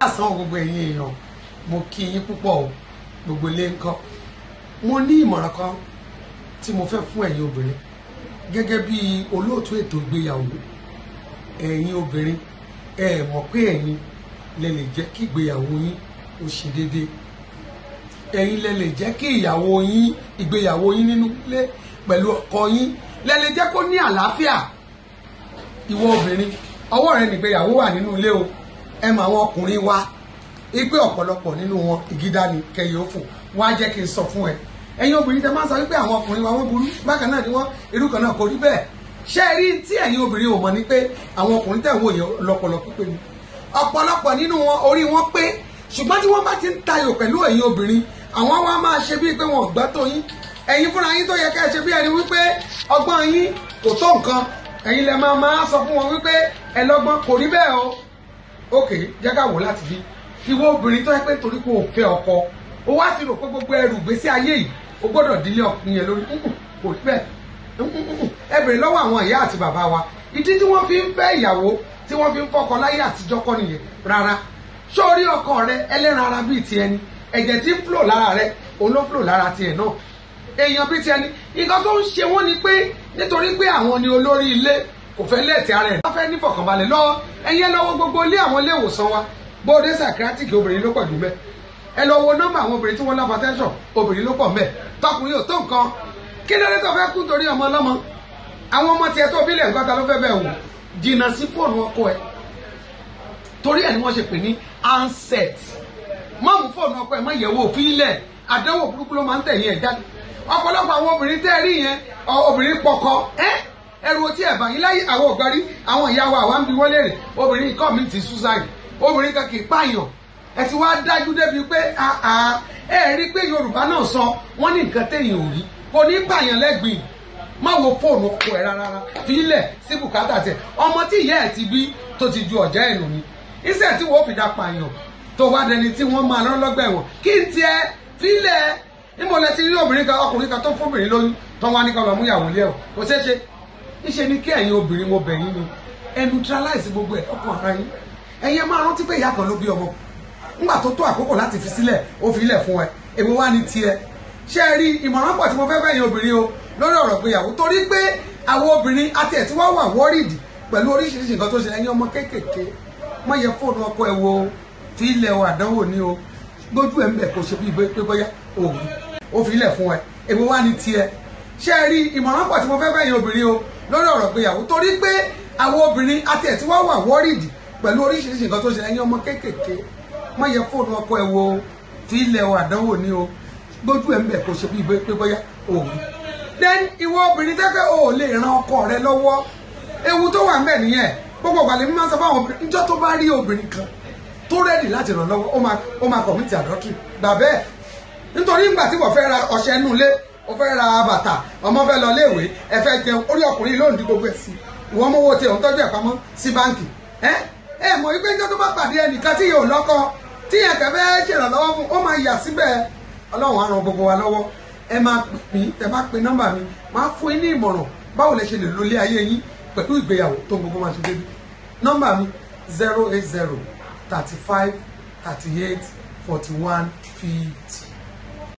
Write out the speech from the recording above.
lásán gbogbo ẹ̀yin èèyàn mo kí yín púpọ̀ o gbogbo ilé ńkọ́ mo ní ìmọ̀ràn kan tí mo fẹ́ fún ẹ̀yin obìnrin gẹ́gẹ́ bí olóòtú ètò ìgbéyàwó ẹ̀yin obìnrin ẹ mọ̀ pé ẹ̀yin lẹ lè jẹ́ kí ìgbéyàwó yín ó ṣe déédéé ẹ̀yin lẹ lè jẹ́ kí ìyàwó yín ìgbéyàwó yín nínú ilé pẹ̀lú ọkọ yín lẹ lè jẹ́ kó ní àlàáfíà ìwọ obìnrin ọwọ́ rẹ nìgbéyàwó wà nínú ilé o ẹ mọ àwọn ọkùnrin wa ipe ọ̀pọ̀lọpọ̀ nínú wọn ìgídá ni kẹyẹ ó fò wọ́n á jẹ́ kí n sọ fún ẹ ẹ̀yin obìnrin tẹ máa ń sọ wípé àwọn ọkùnrin wa wọ́n burú bákan náà ni wọ́n irú kan náà kò rí bẹ́ẹ̀ ṣé ẹ rí tí ẹ̀yin obìnrin ò mọ̀ ni pé àwọn ọkùnrin tẹ̀ ń wòye lọ́pọ̀lọpọ̀ pé ni ọ̀pọ̀lọpọ̀ nínú wọn orí wọn pé ṣùgbọ́n tí wọ́n bá ti ń tayò pẹ̀lú ẹ̀yin obìnrin àwọn wa máa ṣe bíi pé wọn ò gbọ́ tó yín ẹ̀yin fúnra yín tó yẹ ká ṣe bí ẹni wípé ọgbọ́n yín kò tó nǹkan ẹ̀yin lẹ máa máa sọ fún wọn wípé ẹ kò rí bẹ́ẹ̀ o ok jẹ́ ká wò láti bí ìwọ obìnrin tó yẹ pé torí kò fẹ́ ọkọ o wá ti rò pé gbogbo ẹrù ìgbésí ayé yìí o gbọ́dọ̀ dílé ọkùnrin yẹn lórí kò rí bẹ́ẹ̀ ẹ bèrè lọ́wọ́ àwọn ìyá àti bàbá wa ìdí tí wọ́n fi ń fẹ́ ìyàwó tí wọ́n fi ń kọ́kọ láyé àtijọ́ kọ́ nìyẹn rárá sórí ọkọ rẹ ẹlẹ́ran ara bíi ti ẹni ẹ̀jẹ̀ tí ń flò lára rẹ òun ló flò lára tiẹ̀ náà èèyàn bíi ti ẹni nǹkan tó ń ṣe wọ́n ni pé nítorí pé àwọn ni olórí ilé kò fẹ́ lẹ́ẹ̀tì ara ẹ̀. wọ́n fẹ́ nífọ̀kànbalẹ̀ lọ ẹ̀yẹ lọ́wọ́ gbogbo ilé àwọn ilé ìwòsàn wa bóde sàkírátíkì obìnrin ló pọ̀ jù mẹ́ ẹ lọ wo nọ́mbà àwọn obìnrin tí wọ́n láfa tẹ́sán obìnrin ló pọ̀ mẹ́ tọkùnrin ò tó nǹkan kí ló dé tó fẹ́ kú torí ọmọ ọlọ́mọ àwọn ọmọ tiẹ̀ tó bílẹ̀ nǹkan ta ló fẹ́ bẹ̀ wò jìnnà sí fóònù ọkọ ẹ torí ẹ ni wọ́n ṣe pè ní handset má mú fóònù ọkọ ẹ má yẹ̀wò fílẹ̀ àdánwò burúkú ló máa ń tẹ̀yìn ẹ̀ jáde ọ̀pọ̀lọpọ̀ àwọn obìnrin tẹ́ rí yẹn obìnrin pọkọ ẹ́ ẹrù otí ẹ̀bà yín láyé àwọn ògbárí àwọn ìyá wa àwa ń bi wọ́n léèrè obìnrin ikọ́ mi ti suicide obìnrin kan kì í pààyàn ẹ ti wá dájú débi pé ẹ rí i pé Yorùbá náà sọ wọ́n ní nǹkan téèyàn ò rí kò ní pààyàn lẹ́gbìn má wo fóònù ọkọ ẹ rárá fílẹ̀ sí bùkátà tẹ ọmọ tí ìyá ẹ ti bí tó ti ju ọ̀já ẹ̀ nù ni iṣẹ́ tí wọ́n fi dá pààyàn tó wá dẹni tí wọ́n máa rán lọ́gbà ẹ̀wọ̀n kí n tiẹ̀ fílẹ̀ níbo lẹ ti rí obìnrin kan ọkùnrin kan tó fóbìnrin lóyún tó wá ní kan lọ ìyàwó ilé ẹ̀ kò ṣeé ṣe níṣe ni kí ẹ̀yin obìnrin mo bẹ̀ yín ni ẹ neutralize gbogbo ẹ̀ ọkàn ara yín ẹ̀yin ẹ máa rántí pé ìyá kan ló bí ọmọ ńgbà tó tó àkókò láti fi sílẹ̀ ó fi ilẹ̀ fún ẹ èwo wá ní tiẹ̀ ṣé ẹ rí ìmọ̀ràn pọ̀ tí mo fẹ́ fẹ́ yín obìnrin o lórí ọ̀rọ̀ ìgbéyàwó torí pé àwọn obìnrin àti ẹ̀ tí wọ́n wà worried pẹ̀lú oríṣiríṣi nǹkan tó ṣe ẹ̀yin ọmọ kéékèèké má yẹ fóònù ọkọ ẹ wo fi ilẹ̀ o àdánwò ni o gbójú ẹ̀ ń bẹ̀ kó ṣe bí pé bóyá òògùn ó fi ilẹ̀ fún ẹ èwo wá ní tiẹ̀ ṣé ẹ rí ìmọ̀ràn pọ̀ tí mo fẹ́ fẹ́ yín obìnrin o lórí ọ̀rọ̀ gbéyàwó torí pé àwọn obìnrin àti ẹ̀ tí wà wọ́rìdì pẹ̀lú oríṣiríṣi nǹkan tó ṣe ẹ̀yin ọmọ kéékèèké má yẹ fóònù ọkọ ẹ wo fi ilẹ̀ o àdánwò ni o gbójú ẹ̀ ń bẹ̀ kó ṣe bí pé bóyá òun. obìnrin tẹ́kẹ́ o ran ọkọ rẹ lọ́wọ́ ewu tó wà nìyẹn gbogbo obìnrin níjọ́ tó bá rí obìnrin kan tó rẹ́dì láti ràn lọ́wọ́ ó o fẹ́ ra bàtà ọmọ fẹ́ lọ léèwé ẹ fẹ́ jẹun orí ọkùnrin lóun di gbogbo ẹ̀ sí ìwọ mọ́wọ́ tiẹ̀ òun tọ́jú ẹ̀ pamọ́ sí báǹkì ẹ ẹ mọ̀ wípé níjọ́ tó bá pàdé ẹnìkan tí yóò lọ́kọ tí yẹn kẹfẹ́ ṣèrànlọ́wọ́ fún ó máa yà síbẹ̀ ọlọ́run á ràn gbogbo wa lọ́wọ́ ẹ máa pè mí tẹ bá pe nọ́mbà mi máa fún yín ní ìmọ̀ràn báwo lẹ ṣe lè lo ilé ayé yín pẹ̀lú ìgbéyàwó tó gbogbo máa ṣe débi nọ́mbà mi zero eight zero thirty five thirty eight forty one fifty.